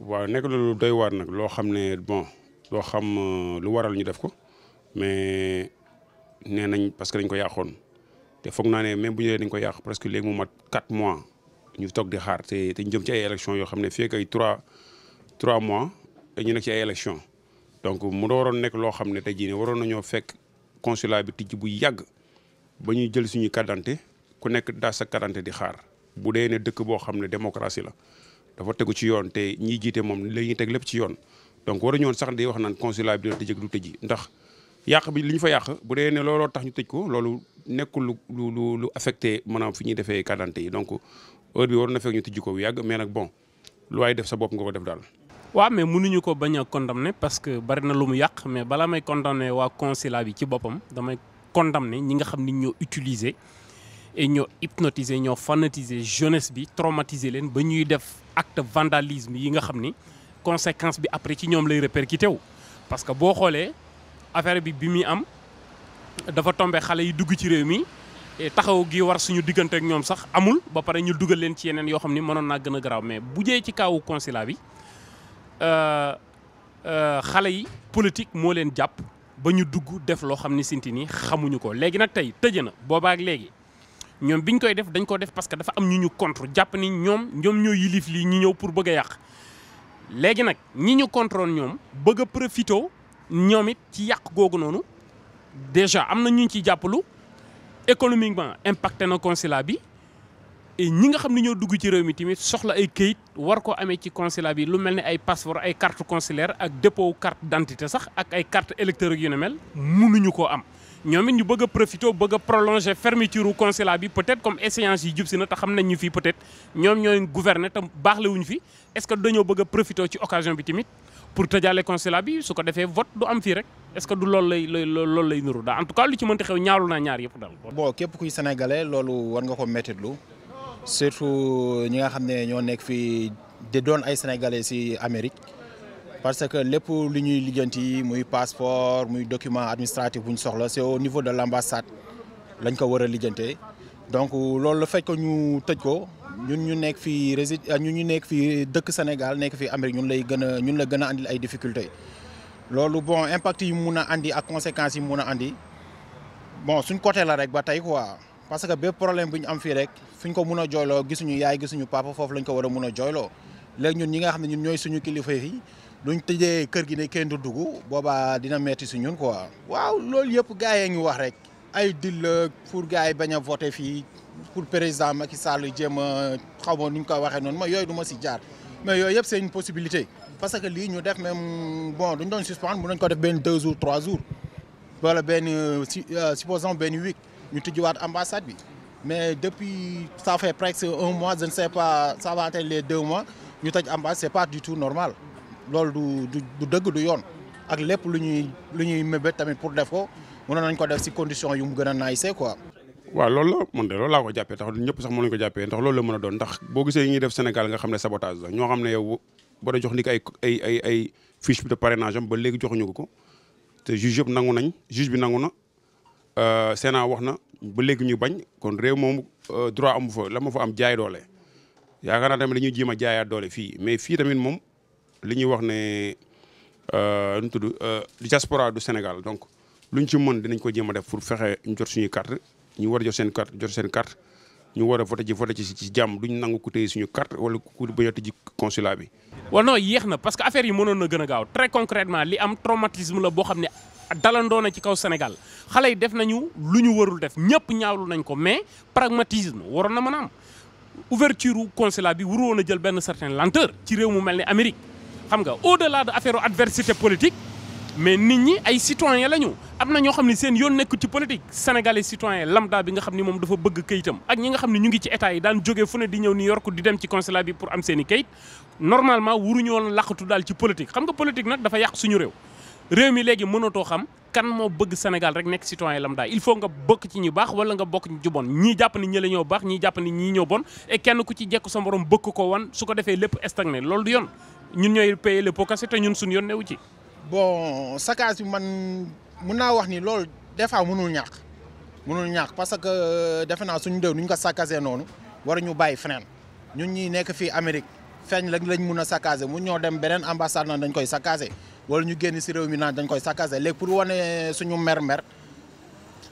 waaw nekk lu doy waar nag loo xam ne bon loo xam euh, lu waral ñu def ko mais nee nañ parce que dañ ko yàqoon te foog naa ne mais bu ñu nee dañ ko yàq presque léegi mu mat 4 mois ñu togg di xaar te te ñu jëm ci ay élections yoo xam ne fii ak ay 3 mois dañu nekk ci ay élections donc mu doon waroon nekk loo xam ne tey jii ne waroon nañoo fekk consulat bi tijj bu yàgg ba ñuy jël suñu carte ku nekk daa sa carte di xaar bu dee ne dëkk boo xam ne démocratie la. dafa tegu ci yoon te ñiy jiite moom la ñuy teg lépp ci yoon donc waruñu woon sax di wax naan consulat bi dina tëj ak du tëji ndax yàq bi li ñu fa yàq bu dee ne looloo tax ñu tëj ko loolu nekkul lu lu lu lu affecté maanaam fi ñuy defee kàddante yi donc heure bi war na fekk ñu tëj ko bu yàgg mais nag bon lu waay def sa bopp nga ko def daal. waaw mais mënuñu ko bañ a condamné parce que bari na lu mu yàq mais balaa may condamné waa consulat bi ci boppam damay condamné ñi nga xam ni ñoo utiliser. et ñoo hypnotiser ñoo fanatisé jeunesse bi traumatiser leen ba ñuy def acte vandalisme yi nga xam ni conséquence bi après ci ñoom lay répercuté wu. parce que boo xoolee affaire bi bi muy am dafa tombe xale yi dugg ci réew mi taxaw gi war suñu diggante ak ñoom sax amul ba pare ñu dugal leen ci yeneen yoo xam ni mënoon naa gën a garaaw mais bu jee ci kaawu consulat bi euh, euh, xale yi politique moo leen jàpp ba ñu dugg def loo xam ni sinti ni xamuñu ko léegi nag tey tëje na boobaak léegi. ñoom bi ñu koy def dañ ko def parce que dafa am ñu ñu contre jàpp ni ñoom ñoom ñoo yilif lii ñu ñëw pour bëgg a yàq léegi nag ñi ñu contrôle ñoom bëgg a profité ñoom it ci yàq googu noonu déjà am na ñu ciy jàppalu économiquement impacté na consulat bi ñi nga xam ni ñoo dugg ci réew mi tamit soxla ay këyit war koo amee ci consulat bi lu mel ne ay passeport ay carte consulaire ak dépôt carte d'identité sax ak ay carte électeur yu ne mel mënuñu koo am. ñoom it ñu bëgg a profité bëgg a prolongé fermeture u consulat bi peut-être comme échéance yi jub si na te xam nañ ñu fii peut-être ñoom ñooy gouverner te baaxlewuñu fi est-ce que dañoo bëgg a profité ci occasion bi tamit pour tëjaale consulat bi su ko defee vote du am fii rek est-ce que du loolu lay lay loolu lay nuru daal en tout cas lu ci mënti xew ñaawlu naa ñaar yëpp daal. bon képp kuy sénégalais loolu war nga ko méttitlu surtout ñi nga xam ne ñoo nekk fii di doon ay sénégalais si Amérique. parce que lépp lu ñuy lijjanti muy passeport muy document administratif bu ñu soxla c'est au niveau de l'ambassade lañ ko war a lijjantee donc loolu la fekk ñu tëj ko ñun ñu nekk fii résid ah, ñun ñu nekk fii dëkk Sénégal nekk fii Amérique ñun lay gën a ñun la gën a andil ay difficultés loolu bon impact yi mun a andi ak conséquence yi mun a andi bon suñ côté la rek ba tey quoi parce que bépp problème bu ñu am fii rek fu ñu ko mun a jooyloo gisuñu yaay gisuñu papa foofu lañ ko war a mun a jooyloo léegi ñun ñi nga xam ne ñun ñooy suñu kilifa yi lu ñu tëjee kër gi ne kenn du dugg boobaa dina metti si ñun quoi. waaw loolu yëpp gars yi ngi wax rek ay dill la pour gars yi bañ a voté fii pour président Macky saal jéem a xaw ma nu ñu koy waxee noonu ma yooyu du ma si jaar mais yooyu yëpp seen une possibilité. parce que lii ñu def même bon duñ doon suspendre mën nañ ko def benn deux jours trois jours wala benn euh, euh, supposons benn week ñu tijjiwaat ambassade bi mais depuis ça fait presque un mois je ne sais pas ça va atteindre les deux mois ñu tëj ambassade c'est pas normal. loolu du du dëgg du yoon ak lépp lu ñuy lu ñuy mébét tamit pour def ko na nañ ko def si condition yu mu gën a naayisee ko waa lool la man de loolu laa ko jàppee tax ñëpp sax mën nañu ko jàppee ndax loolu la mën a doon ndax boo gisee ñuy def Sénégal nga xam ne sabotage xam ne yow boo doon jox nit ay ay ay de parrainage am ba léegi joxuñu ko te juge yëpp nangu nañ juge bi nangu na euh, Sénat wax na ba léegi ñu bañ kon réew moom euh, droit amu fa la ma fa am jaay doole yaakaar naa tamit dañuy jéem a jaayaat doole fii mais fii tamit moom li ñuy wax ne euh, nu tudd euh, diaspora du Sénégal donc lu ñu ci mën dinañ ko jéem a def pour fexe ñu jot suñuy carte ñu war a jot seen carte jot seen carte ñu war a voté ci voté ci ci jàmm duñ nangu ku téye suñu carte wala ku bañ a tëj consulat wala non yéex parce que affaire yi mënoon na gën a gaaw très concrètement li am traumatisme la boo xam ne dalandoo na ci kaw Sénégal xale yi def nañu lu ñu warul def ñëpp ñaawlu nañ ko mais pragmatisme waroon na mën a am ouverture consulat bi waroon a jël benn certaine lenteur ci réew mu mel ni Amérique. xam nga au delà de affaire adversité politique mais nit ñi ay citoyen lañu am na ñoo xam ne seen yoon nekku ci politique sénégalais citoyen lambda bi nga xam ni moom dafa bëgg kayitam ak ñi nga xam ne ñu ngi ci état yi daan jógee fu ne di ñëw New York di dem ci consulat bi pour am seen i kayit normalement wuruñu woon laqatu daal ci politique xam nga politique nag dafa yàq suñu réew réew mi léegi mënatoo xam kan moo bëgg Sénégal rek nekk citoyen lambda il faut nga bokk ci ñu baax wala nga bokk ci bon ñii jàpp ni ñële ñoo baax ñii jàpp ni ñii ñoo bon et kenn ku ci jekk sa morom bëgg ko wan su ko defee lépp stagné loolu du yoon ñun ñooy payer le pot cassé te ñun suñu yoon newu ci. bon saccage bi man mun naa wax ni lool des fois mënul ñàkk mënul ñàkk parce que euh, defe naa suñ déw nu ko saccagé noonu ñu bàyyi feneen ñun ñii nekk fii Amérique feeñ lañ lañ mun a saccagé mu ñoo dem beneen ambassade na dañ koy saccagé. wala ñu génn si réew mi naan dañ koy saccagé léegi pour wane suñu mer-mer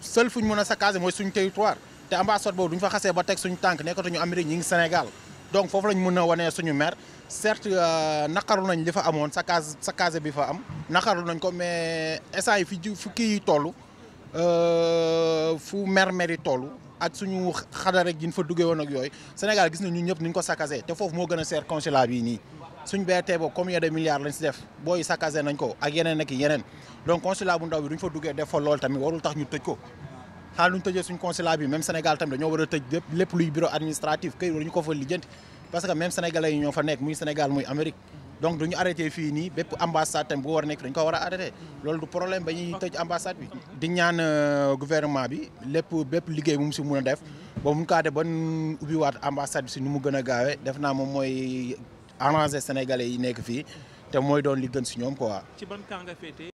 seul fu ñu mën a sa saccagé mooy suñu territoire te ambassade boobu du ñu fa xasee ba teg suñu tànk nekkatuñu Amérique ñi ngi Sénégal donc foofu lañ mën a wane suñu mer certes euh, naqaru nañ li fa amoon saccage saccagé bi fa am naqaru nañ ko mais instant yi fi fu kii yi toll euh, fu mer-mer yi toll ak suñu xadar rek yi ñu fa duggee woon ak yooyu Sénégal gis nañ ñun ñëpp ni ñu ko saccagé te foofu moo gën a seer consulat bii nii. suñ BRT boobu combien de milliards lañ si def booy saccagé nañ ko ak yeneen ak yeneen donc consulat bu ndaw bi duñ fa duggee def fa loolu tamit warul tax ñu tëj ko xaal lu ñu tëjee suñ consulat bi même Sénégal tamit dañoo war a tëj lépp lépp luy bureau administratif kay war ko fa lijjanti parce que même sénégalais yi ñoo fa nekk muy Sénégal muy Amérique donc duñu arrêté fii nii bépp ambassade tamit bu war a nekk dañ ko war a arrêté loolu du problème ba ñuy euh, bi lépp bépp liggéey bu mu si mun a def ba mun kaa def ban mu gën gaawee def naa moom mooy arranger sénégalais yi nekk fii te mooy doon li gën si ñoom quoi. ci ban camp féetee